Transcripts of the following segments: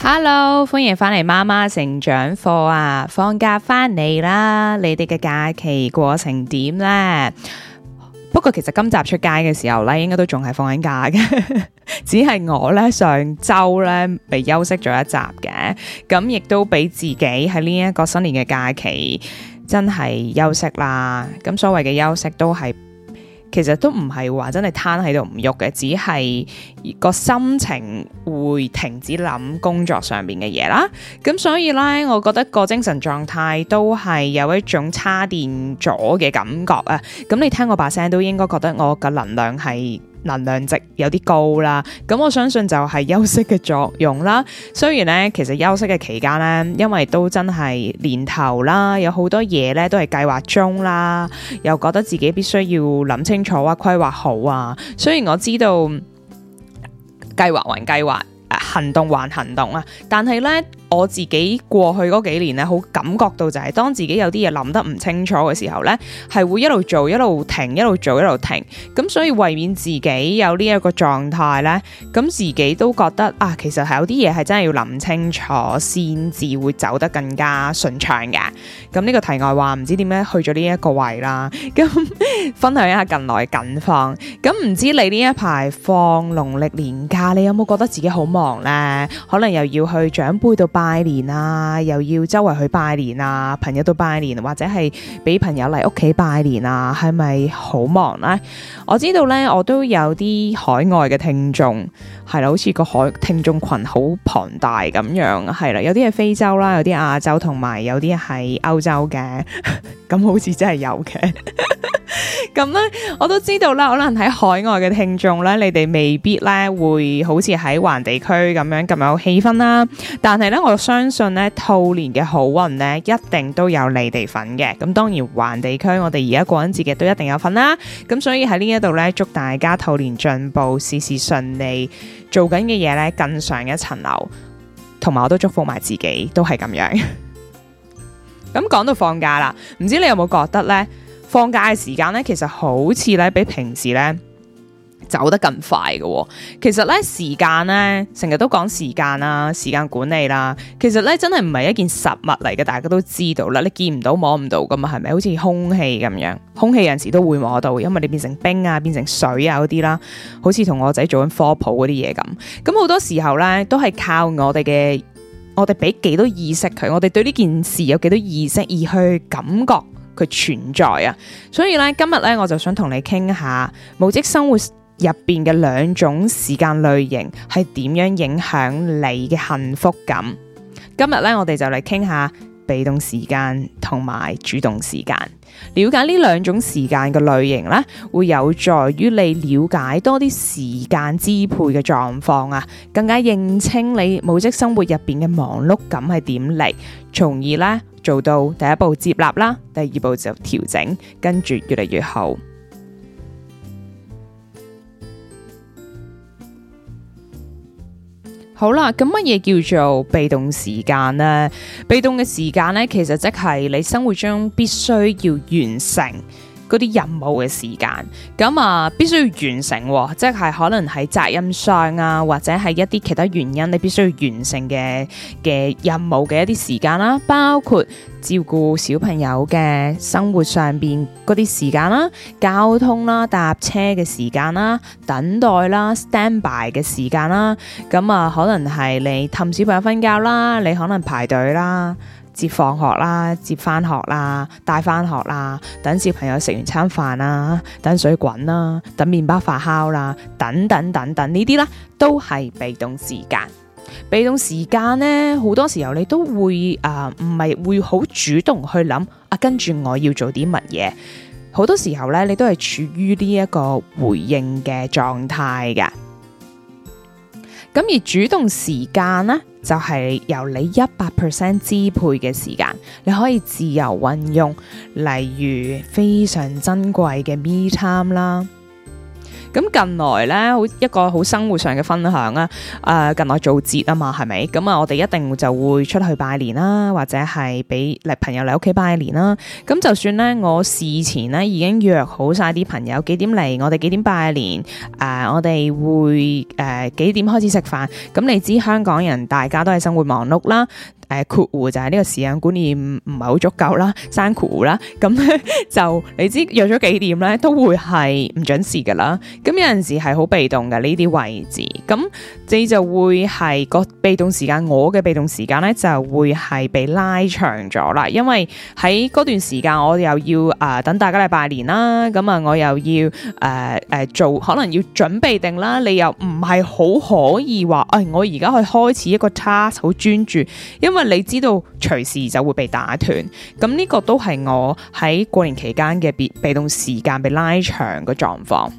Hello，歡迎翻嚟媽媽成長課啊！放假翻嚟啦，你哋嘅假期過成點呢？不過其實今集出街嘅時候咧，應該都仲係放緊假嘅， 只係我咧，上周咧，被休息咗一集嘅，咁亦都俾自己喺呢一個新年嘅假期真係休息啦。咁所謂嘅休息都係。其實都唔係話真係癱喺度唔喐嘅，只係個心情會停止諗工作上面嘅嘢啦。噉所以呢，我覺得個精神狀態都係有一種叉電咗感覺啊。噉你聽我把聲都應該覺得我的能量是能量值有啲高啦，咁我相信就係休息嘅作用啦。雖然呢，其實休息嘅期間呢，因為都真係年頭啦，有好多嘢呢都係計劃中啦，又覺得自己必須要諗清楚啊，規劃好啊。雖然我知道計劃還計劃，行動還行動啊，但係呢。我自己過去嗰幾年咧，好感覺到就係當自己有啲嘢諗得唔清楚嘅時候呢，係會一路做一路停，停，一路做一路停。咁所以為免自己有呢一個狀態呢，咁自己都覺得啊，其實係有啲嘢係真係要諗清楚先至會走得更加順暢嘅。咁呢個題外話，唔知點解去咗呢一個位啦。咁分享一下近來近況。咁唔知你呢一排放農曆年假，你有冇覺得自己好忙呢？可能又要去長輩度。拜年啊，又要周圍去拜年啊，朋友都拜年，或者係俾朋友嚟屋企拜年啊，係咪好忙呢？我知道咧，我都有啲海外嘅聽眾，係啦，好似個海聽眾群好龐大咁樣，係啦，有啲係非洲啦，有啲亞洲同埋，有啲係歐洲嘅，咁 好似真係有嘅。咁咧，我都知道啦，可能喺海外嘅聽眾咧，你哋未必咧會好似喺環地區咁樣咁有氣氛啦，但係咧。我相信咧，兔年嘅好運咧，一定都有你哋份嘅。咁當然，環地區我哋而家過緊節嘅都一定有份啦。咁所以喺呢一度咧，祝大家兔年進步，事事順利，做緊嘅嘢咧更上一層樓。同埋，我都祝福埋自己，都係咁樣。咁 講到放假啦，唔知你有冇覺得咧，放假嘅時間咧，其實好似咧比平時咧。走得更快嘅。哦，其實咧時間咧成日都講時間啦，時間管理啦，其實咧真係唔係一件實物嚟嘅，大家都知道啦，你見唔到摸唔到噶嘛，係咪？好似空氣咁樣，空氣有時都會摸到，因為你變成冰啊，變成水啊嗰啲啦，好似同我仔做緊科普嗰啲嘢咁。咁好多時候咧都係靠我哋嘅，我哋俾幾多意識佢，我哋對呢件事有幾多意識而去感覺佢存在啊。所以咧今日咧我就想同你傾下母職生活，入邊嘅兩種時間類型係點樣影響你嘅幸福感？今日咧，我哋就嚟傾下被動時間同埋主動時間。了解呢兩種時間嘅類型咧，會有助於你了解多啲時間支配嘅狀況啊，更加認清你母職生活入邊嘅忙碌感係點嚟，從而咧做到第一步接納啦，第二步就調整，跟住越嚟越好。好啦，咁乜嘢叫做被動時間呢？被動嘅時間呢，其實即係你生活中必須要完成。嗰啲任務嘅時間，咁啊必須要完成、哦，即係可能係責任上啊，或者係一啲其他原因，你必須要完成嘅嘅任務嘅一啲時間啦，包括照顧小朋友嘅生活上邊嗰啲時間啦，交通啦、搭車嘅時間啦、等待啦、standby 嘅時間啦，咁啊可能係你氹小朋友瞓覺啦，你可能排隊啦。接放學啦，接翻學啦，帶翻學啦，等小朋友食完餐飯啦，等水滾啦，等麵包發酵啦，等等等等呢啲啦，都係被動時間。被動時間呢，好多時候你都會誒，唔、呃、係會好主動去諗啊。跟住我要做啲乜嘢？好多時候咧，你都係處於呢一個回應嘅狀態嘅。咁而主動時間呢，就係由你一百 percent 支配嘅時間，你可以自由運用，例如非常珍貴嘅 me time 啦。咁近來呢，好一個好生活上嘅分享啦。誒、呃，近來做節啊嘛，係咪？咁啊，我哋一定就會出去拜年啦，或者係俾嚟朋友嚟屋企拜年啦。咁就算呢，我事前呢已經約好晒啲朋友幾點嚟，我哋幾點拜年？誒、呃，我哋會誒、呃、幾點開始食飯？咁你知香港人大家都係生活忙碌啦。誒、呃、括弧就係呢個時間觀念唔唔係好足夠啦，生括弧啦，咁、嗯嗯、就你知約咗幾點咧，都會係唔準時噶啦。咁、嗯、有陣時係好被動嘅呢啲位置，咁、嗯、你就會係個被動時間，我嘅被動時間咧就會係被拉長咗啦。因為喺嗰段時間，我又要啊、呃、等大家嚟拜年啦，咁、嗯、啊我又要誒誒、呃呃、做，可能要準備定啦，你又唔係好可以話誒、哎、我而家去開始一個 task 好專注，因為。因為你知道隨時就會被打斷，咁呢個都係我喺過年期間嘅被被動時間被拉長嘅狀況。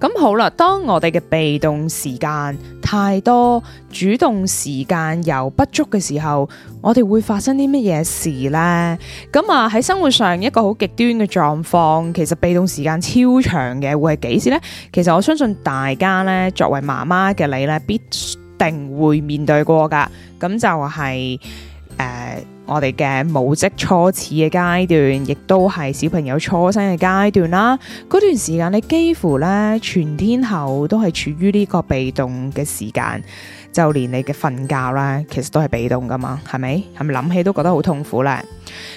咁好啦，當我哋嘅被動時間太多，主動時間又不足嘅時候，我哋會發生啲乜嘢事呢？咁啊喺生活上一個好極端嘅狀況，其實被動時間超長嘅會係幾時呢？其實我相信大家呢，作為媽媽嘅你呢，必。定會面對過噶，咁就係、是、誒、呃，我哋嘅母職初始嘅階段，亦都係小朋友初生嘅階段啦。嗰段時間，你幾乎呢全天候都係處於呢個被動嘅時間，就連你嘅瞓覺咧，其實都係被動噶嘛，係咪？係咪諗起都覺得好痛苦咧？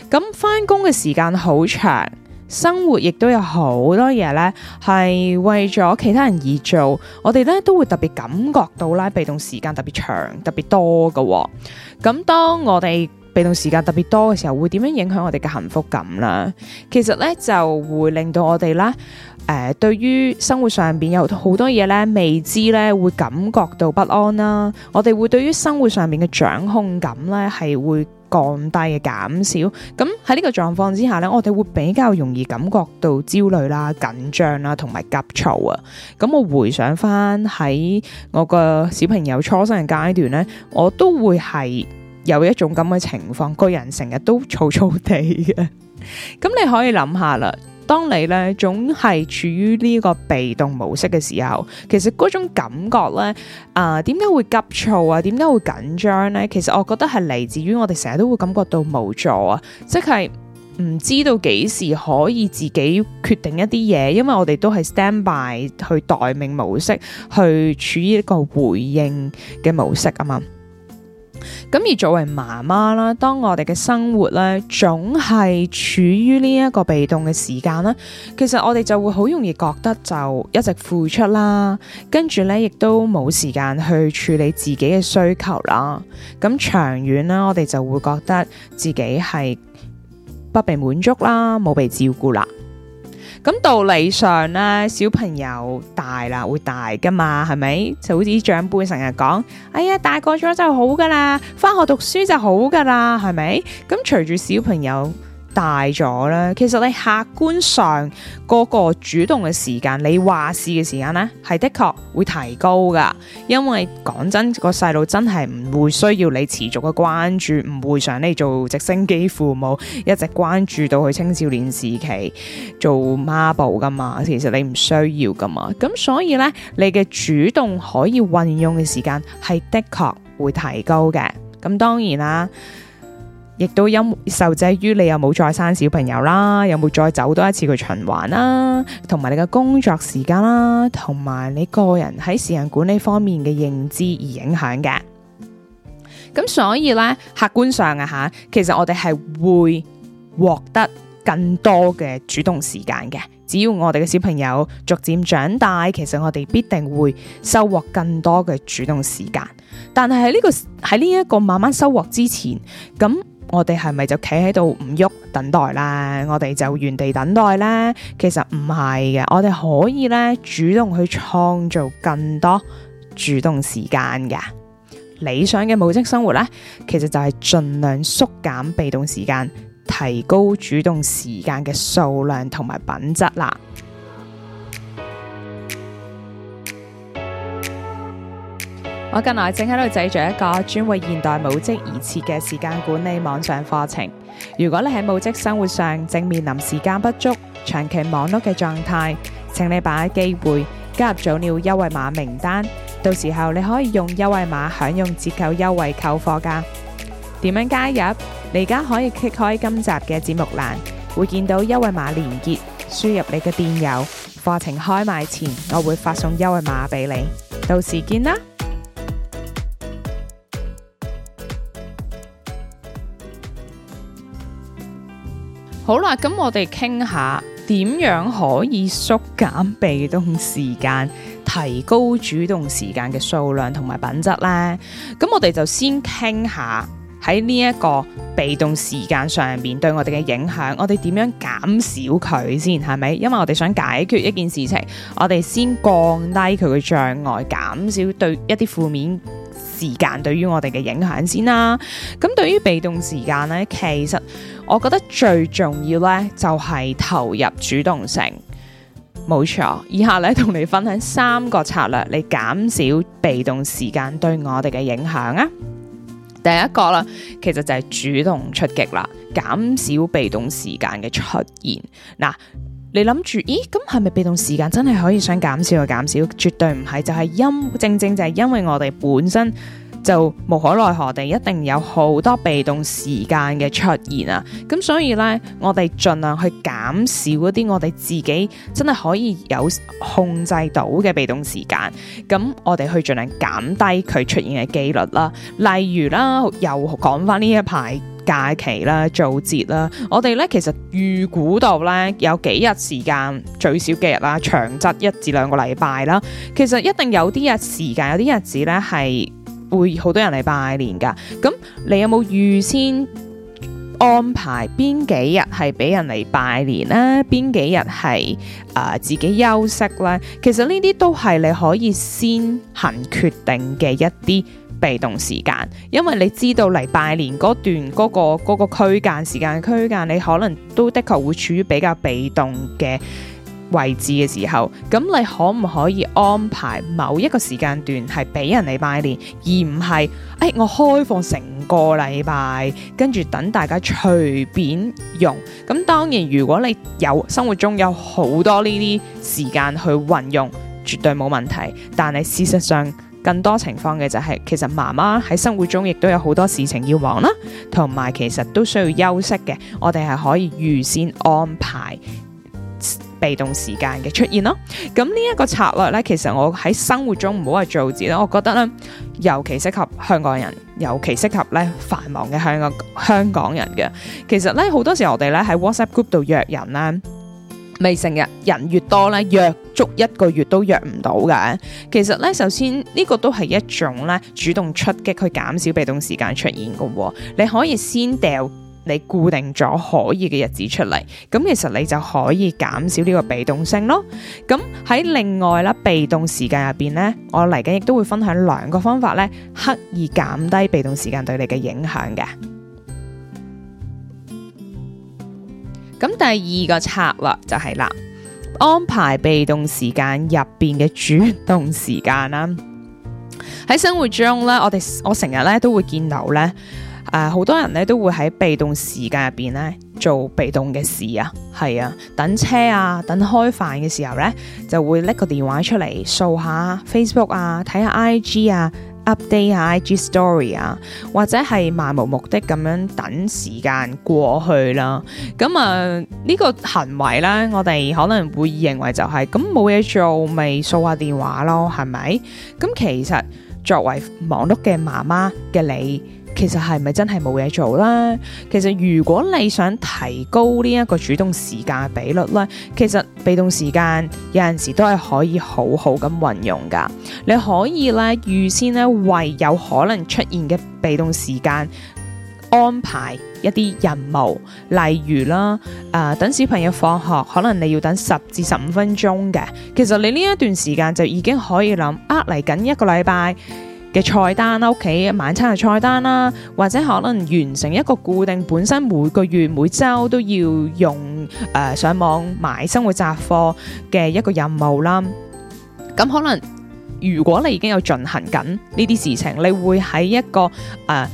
咁返工嘅時間好長。生活亦都有好多嘢咧，係為咗其他人而做。我哋咧都會特別感覺到啦，被動時間特別長、特別多嘅、哦。咁當我哋被動時間特別多嘅時候，會點樣影響我哋嘅幸福感啦？其實咧就會令到我哋咧，誒、呃，對於生活上邊有好多嘢咧未知咧，會感覺到不安啦。我哋會對於生活上面嘅掌控感咧係會，降低嘅減少，咁喺呢個狀況之下呢，我哋會比較容易感覺到焦慮啦、緊張啦，同埋急躁啊。咁、啊啊、我回想翻喺我個小朋友初生嘅階段呢，我都會係有一種咁嘅情況，個人成日都躁躁地嘅。咁 你可以諗下啦。當你咧總係處於呢個被動模式嘅時候，其實嗰種感覺咧，啊點解會急躁啊？點解會緊張咧？其實我覺得係嚟自於我哋成日都會感覺到無助啊，即係唔知道幾時可以自己決定一啲嘢，因為我哋都係 stand by 去待命模式，去處於一個回應嘅模式啊嘛。嗯。咁而作為媽媽啦，當我哋嘅生活咧，總係處於呢一個被動嘅時間啦。其實我哋就會好容易覺得就一直付出啦，跟住咧亦都冇時間去處理自己嘅需求啦。咁長遠啦，我哋就會覺得自己係不被滿足啦，冇被照顧啦。咁道理上呢，小朋友大啦會大㗎嘛，係咪？就好似長輩成日講，哎呀大個咗就好㗎啦，返學讀書就好㗎啦，係咪？咁隨住小朋友大咗啦，其實你客觀上個個主動嘅時間，你話事嘅時間呢，係的確會提高噶。因為講真，個細路真係唔會需要你持續嘅關注，唔會想你做直升機父母，一直關注到佢青少年時期做媽寶噶嘛。其實你唔需要噶嘛。咁所以呢，你嘅主動可以運用嘅時間係的確會提高嘅。咁當然啦。亦都因受制於你有冇再生小朋友啦，有冇再走多一次嘅循環啦，同埋你嘅工作時間啦，同埋你個人喺時間管理方面嘅認知而影響嘅。咁所以呢，客觀上啊吓，其實我哋係會獲得更多嘅主動時間嘅。只要我哋嘅小朋友逐漸長大，其實我哋必定會收穫更多嘅主動時間。但係喺呢個喺呢一個慢慢收穫之前，咁。我哋係咪就企喺度唔喐，等待啦？我哋就原地等待啦？其實唔係嘅，我哋可以咧主動去創造更多主動時間嘅。理想嘅母職生活咧，其實就係盡量縮減被動時間，提高主動時間嘅數量同埋品質啦。我近來正喺度製作一個專為現代母職而設嘅時間管理網上課程。如果你喺母職生活上正面臨時間不足、長期忙碌嘅狀態，請你把握機會加入早鳥優惠碼名單。到時候你可以用優惠碼享用折扣優惠購課價。點樣加入？你而家可以揭開今集嘅節目欄，會見到優惠碼連結，輸入你嘅電郵。課程開賣前，我會發送優惠碼俾你。到時見啦！好啦，咁我哋傾下點樣可以縮減被動時間，提高主動時間嘅數量同埋品質呢？咁我哋就先傾下喺呢一個被動時間上面對我哋嘅影響，我哋點樣減少佢先？係咪？因為我哋想解決一件事情，我哋先降低佢嘅障礙，減少對一啲負面時間對於我哋嘅影響先啦。咁對於被動時間呢，其實。我覺得最重要咧，就係投入主動性，冇錯。以下咧，同你分享三個策略，嚟減少被動時間對我哋嘅影響啊。第一個啦，其實就係主動出擊啦，減少被動時間嘅出現。嗱，你諗住，咦？咁係咪被動時間真係可以想減少就減少？絕對唔係，就係因正正就係因為我哋本身。就無可奈何地，一定有好多被動時間嘅出現啊。咁所以呢，我哋盡量去減少嗰啲我哋自己真係可以有控制到嘅被動時間。咁我哋去盡量減低佢出現嘅機率啦。例如啦，又講翻呢一排假期啦、做節啦，我哋呢，其實預估到呢，有幾日時間，最少幾日啦，長則一至兩個禮拜啦。其實一定有啲日時間，有啲日子呢係。會好多人嚟拜年㗎，咁你有冇預先安排邊幾日係俾人嚟拜年呢？啊？邊幾日係誒、呃、自己休息呢？其實呢啲都係你可以先行決定嘅一啲被動時間，因為你知道嚟拜年嗰段嗰、嗰個嗰、嗰個區間時間嘅區間，你可能都的確會處於比較被動嘅。位置嘅時候，咁你可唔可以安排某一個時間段係俾人哋拜年，而唔係誒我開放成個禮拜，跟住等大家隨便用。咁當然，如果你有生活中有好多呢啲時間去運用，絕對冇問題。但係事實上，更多情況嘅就係其實媽媽喺生活中亦都有好多事情要忙啦，同埋其實都需要休息嘅。我哋係可以預先安排。被動時間嘅出現咯，咁呢一個策略呢，其實我喺生活中唔好去做字啦，我覺得呢，尤其適合香港人，尤其適合咧繁忙嘅香港香港人嘅。其實呢，好多時候我哋咧喺 WhatsApp group 度約人啦，未成日人越多呢，約足一個月都約唔到嘅。其實呢，首先呢個都係一種呢，主動出擊，去減少被動時間出現嘅。你可以先掉。你固定咗可以嘅日子出嚟，咁其實你就可以減少呢個被動性咯。咁喺另外啦，被動時間入邊呢，我嚟緊亦都會分享兩個方法呢，刻意減低被動時間對你嘅影響嘅。咁第二個策略就係啦，安排被動時間入邊嘅主動時間啦。喺生活中咧，我哋我成日咧都會見到咧。誒、呃，好多人咧都會喺被動時間入邊咧做被動嘅事啊，係啊，等車啊，等開飯嘅時候咧就會拎個電話出嚟掃下 Facebook 啊，睇下 IG 啊，update 下 IG story 啊，或者係漫無目的咁樣等時間過去啦。咁啊，呢、這個行為咧，我哋可能會認為就係咁冇嘢做，咪掃下電話咯，係咪？咁其實作為忙碌嘅媽媽嘅你。其實係咪真係冇嘢做啦？其實如果你想提高呢一個主動時間嘅比率咧，其實被動時間有陣時都係可以好好咁運用噶。你可以咧預先咧為有可能出現嘅被動時間安排一啲任務，例如啦、呃，等小朋友放學，可能你要等十至十五分鐘嘅。其實你呢一段時間就已經可以諗，呃，嚟緊一個禮拜。嘅菜單啦，屋企晚餐嘅菜單啦，或者可能完成一個固定本身每個月每週都要用誒、呃、上網買生活雜貨嘅一個任務啦。咁可能如果你已經有進行緊呢啲事情，你會喺一個誒、呃、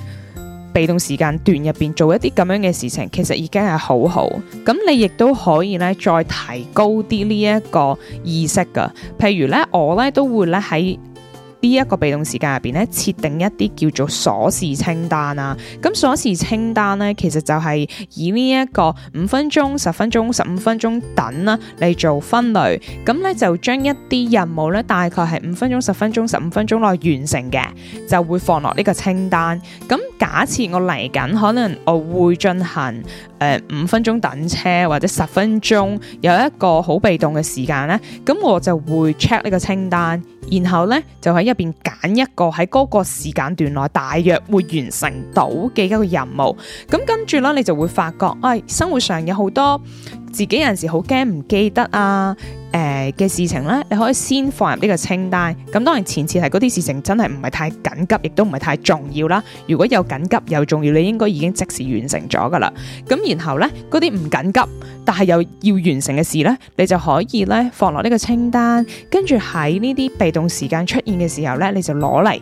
被動時間段入邊做一啲咁樣嘅事情，其實已經係好好。咁你亦都可以咧再提高啲呢一個意識噶。譬如咧，我咧都會咧喺。在呢一個被動時間入邊咧，設定一啲叫做鎖匙清單啊。咁鎖匙清單咧，其實就係以呢一個五分鐘、十分鐘、十五分鐘等啦嚟做分類。咁咧就將一啲任務咧，大概係五分鐘、十分鐘、十五分鐘內完成嘅，就會放落呢個清單。咁假設我嚟緊，可能我會進行，誒、呃，五分鐘等車或者十分鐘，有一個好被動嘅時間咧，咁我就會 check 呢個清單，然後呢，就喺入邊揀一個喺嗰個時間段內大約會完成到嘅一個任務，咁跟住啦，你就會發覺，誒、哎，生活上有好多自己有陣時好驚唔記得啊。誒、呃、嘅事情咧，你可以先放入呢個清單。咁當然前次係嗰啲事情真係唔係太緊急，亦都唔係太重要啦。如果有緊急又重要，你應該已經即時完成咗噶啦。咁然後咧，嗰啲唔緊急但係又要完成嘅事咧，你就可以咧放落呢個清單，跟住喺呢啲被動時間出現嘅時候咧，你就攞嚟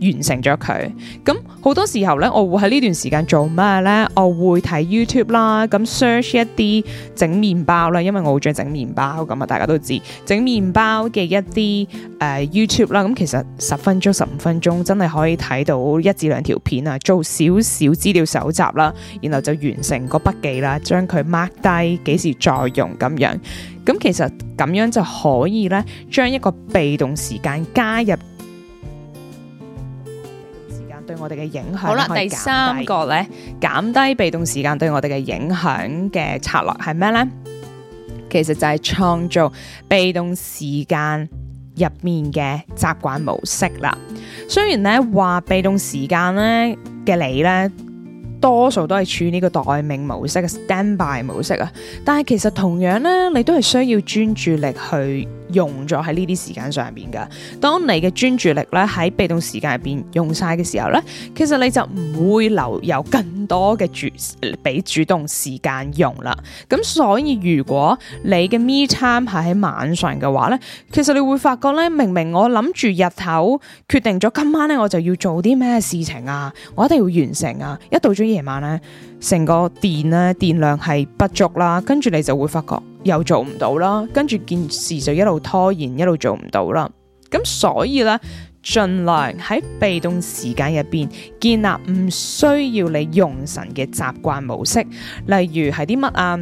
完成咗佢，咁好多時候咧，我會喺呢段時間做咩咧？我會睇 YouTube 啦，咁 search 一啲整麵包啦，因為我好中意整麵包咁啊，大家都知整麵包嘅一啲誒、呃、YouTube 啦，咁其實十分鐘、十五分鐘真係可以睇到一至兩條片啊，做少少資料搜集啦，然後就完成個筆記啦，將佢 mark 低幾時再用咁樣，咁其實咁樣就可以咧，將一個被動時間加入對我哋嘅影響。好啦，第三個咧，減低被動時間對我哋嘅影響嘅策略係咩咧？其實就係創造被動時間入面嘅習慣模式啦。雖然咧話被動時間咧嘅你咧，多數都係處於呢個待命模式，standby 模式啊，但係其實同樣咧，你都係需要專注力去用咗喺呢啲時間上邊噶，當你嘅專注力咧喺被動時間入邊用晒嘅時候咧，其實你就唔會留有更多嘅主俾主動時間用啦。咁所以如果你嘅 me time 係喺晚上嘅話咧，其實你會發覺咧，明明我諗住日頭決定咗今晚咧我就要做啲咩事情啊，我一定要完成啊，一到咗夜晚咧，成個電咧、啊、電量係不足啦，跟住你就會發覺。又做唔到啦，跟住件事就一路拖延，一路做唔到啦。咁所以咧，盡量喺被動時間入邊建立唔需要你用神嘅習慣模式，例如係啲乜啊？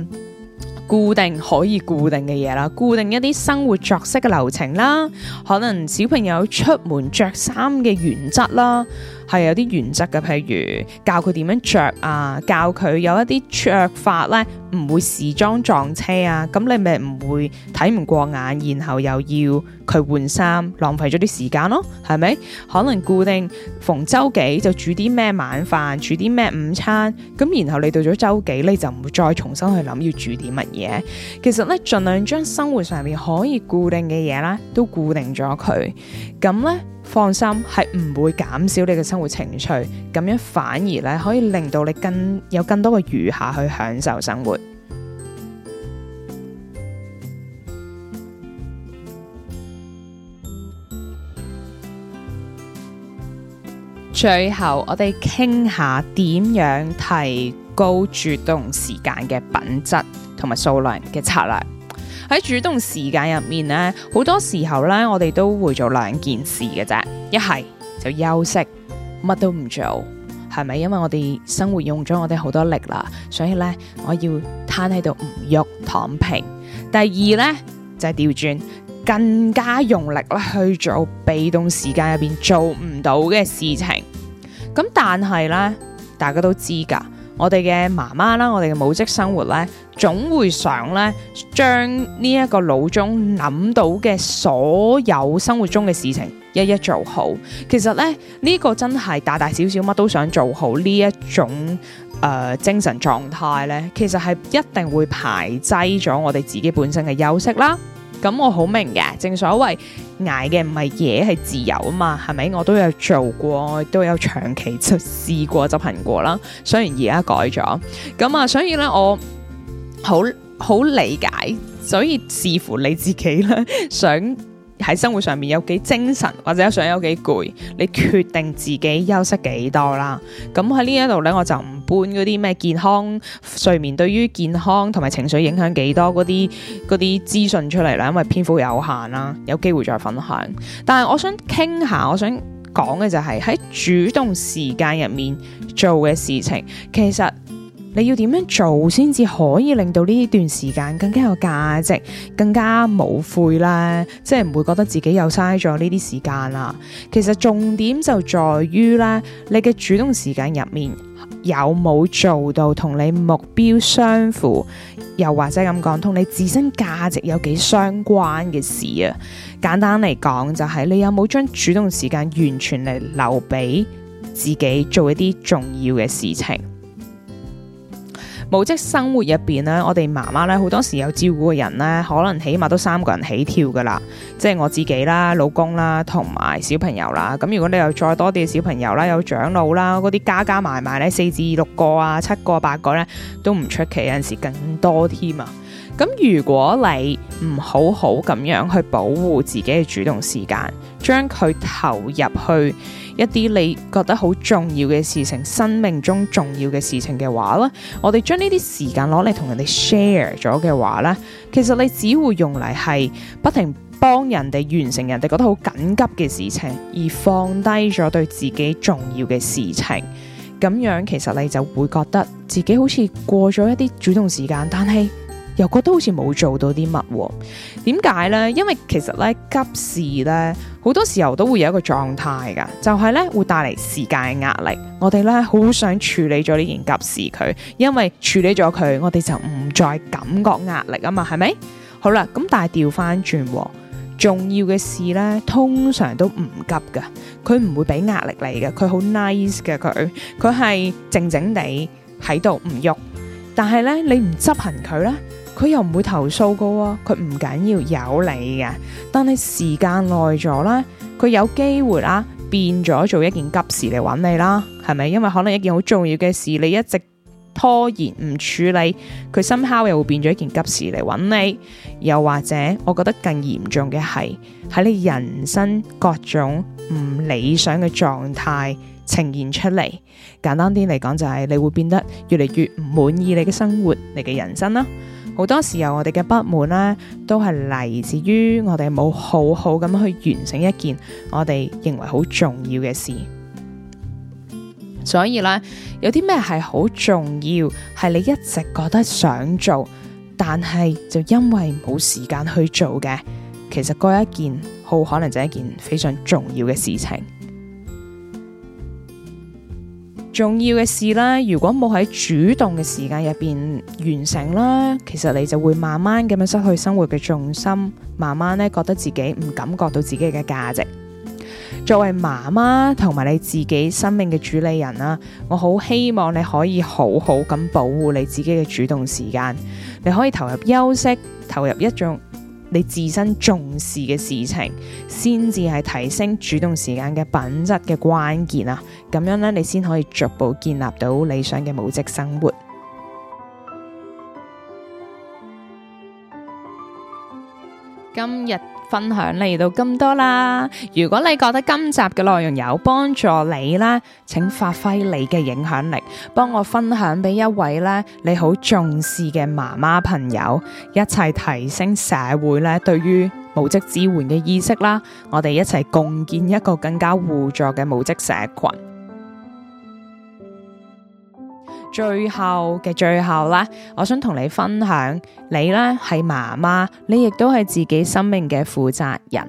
固定可以固定嘅嘢啦，固定一啲生活作息嘅流程啦，可能小朋友出門着衫嘅原則啦。係有啲原則嘅，譬如教佢點樣着啊，教佢有一啲着法咧，唔會時裝撞車啊。咁你咪唔會睇唔過眼，然後又要佢換衫，浪費咗啲時間咯，係咪？可能固定逢週幾就煮啲咩晚飯，煮啲咩午餐，咁然後你到咗週幾你就唔會再重新去諗要煮啲乜嘢。其實咧，盡量將生活上面可以固定嘅嘢啦，都固定咗佢，咁咧。放心，係唔會減少你嘅生活情趣，咁樣反而咧可以令到你更有更多嘅餘下去享受生活。最後，我哋傾下點樣提高主動時間嘅品質同埋數量嘅策略。喺主動時間入面咧，好多時候咧，我哋都會做兩件事嘅啫，一係就休息，乜都唔做，係咪？因為我哋生活用咗我哋好多力啦，所以咧，我要攤喺度唔喐，躺平。第二咧就係調轉，更加用力啦去做被動時間入邊做唔到嘅事情。咁但係咧，大家都知噶。我哋嘅媽媽啦，我哋嘅母職生活咧，總會想咧將呢一個腦中諗到嘅所有生活中嘅事情一一做好。其實咧，呢、這個真係大大小小乜都想做好呢一種誒、呃、精神狀態咧，其實係一定會排擠咗我哋自己本身嘅休息啦。咁我好明嘅，正所謂捱嘅唔係嘢，係自由啊嘛，係咪？我都有做過，都有長期執試過執行過啦，雖然而家改咗咁啊，所以咧我好好理解，所以視乎你自己啦，想喺生活上面有幾精神，或者想有幾攰，你決定自己休息幾多啦。咁喺呢一度咧，我就唔半嗰啲咩健康睡眠，對於健康同埋情緒影響幾多，嗰啲嗰啲資訊出嚟啦，因為篇幅有限啦，有機會再分享。但係我想傾下，我想講嘅就係喺主動時間入面做嘅事情，其實你要點樣做先至可以令到呢段時間更加有價值，更加無悔啦，即係唔會覺得自己又嘥咗呢啲時間啦。其實重點就在於咧，你嘅主動時間入面，有冇做到同你目標相符，又或者咁講，同你自身價值有幾相關嘅事啊？簡單嚟講，就係、是、你有冇將主動時間完全嚟留俾自己做一啲重要嘅事情？母職生活入邊咧，我哋媽媽咧好多時有照顧嘅人咧，可能起碼都三個人起跳噶啦，即係我自己啦、老公啦，同埋小朋友啦。咁如果你有再多啲小朋友啦，有長老啦，嗰啲加加埋埋咧，四至六個啊、七個、八個咧，都唔出奇，有陣時更多添啊！咁如果你唔好好咁樣去保護自己嘅主動時間，將佢投入去一啲你覺得好重要嘅事情、生命中重要嘅事情嘅話咧，我哋將呢啲時間攞嚟同人哋 share 咗嘅話咧，其實你只會用嚟係不停幫人哋完成人哋覺得好緊急嘅事情，而放低咗對自己重要嘅事情，咁樣其實你就會覺得自己好似過咗一啲主動時間，但係，又覺得好似冇做到啲乜喎，點解呢？因為其實咧急事咧好多時候都會有一個狀態噶，就係咧會帶嚟時間嘅壓力。我哋咧好想處理咗呢件急事佢，因為處理咗佢，我哋就唔再感覺壓力啊嘛，係咪？好啦，咁但係調翻轉，重要嘅事呢，通常都唔急噶，佢唔會俾壓力嚟嘅，佢好 nice 嘅佢，佢係靜靜地喺度唔喐。但係咧你唔執行佢啦？佢又唔會投訴喎。佢唔緊要有你嘅。當你時間耐咗啦，佢有機會啦變咗做一件急事嚟搵你啦，係咪？因為可能一件好重要嘅事，你一直拖延唔處理，佢 somehow 又會變咗一件急事嚟搵你。又或者，我覺得更嚴重嘅係喺你人生各種唔理想嘅狀態呈現出嚟。簡單啲嚟講，就係你會變得越嚟越唔滿意你嘅生活，你嘅人生啦。好多時候我哋嘅不滿呢，都係嚟自於我哋冇好好咁去完成一件我哋認為好重要嘅事。所以咧，有啲咩係好重要，係你一直覺得想做，但係就因為冇時間去做嘅，其實嗰一件好可能就係一件非常重要嘅事情。重要嘅事啦，如果冇喺主動嘅時間入邊完成啦，其實你就會慢慢咁樣失去生活嘅重心，慢慢咧覺得自己唔感覺到自己嘅價值。作為媽媽同埋你自己生命嘅主理人啦，我好希望你可以好好咁保護你自己嘅主動時間，你可以投入休息，投入一種。你自身重視嘅事情，先至係提升主動時間嘅品質嘅關鍵啊！咁樣咧，你先可以逐步建立到理想嘅母職生活。今日，分享嚟到咁多啦，如果你覺得今集嘅內容有幫助你呢，請發揮你嘅影響力，幫我分享俾一位呢你好重視嘅媽媽朋友，一齊提升社會呢對於母職支援嘅意識啦，我哋一齊共建一個更加互助嘅母職社群。最後嘅最後啦，我想同你分享，你呢係媽媽，你亦都係自己生命嘅負責人。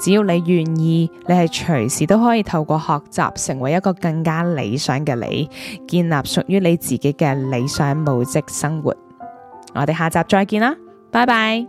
只要你願意，你係隨時都可以透過學習成為一個更加理想嘅你，建立屬於你自己嘅理想母職生活。我哋下集再見啦，拜拜。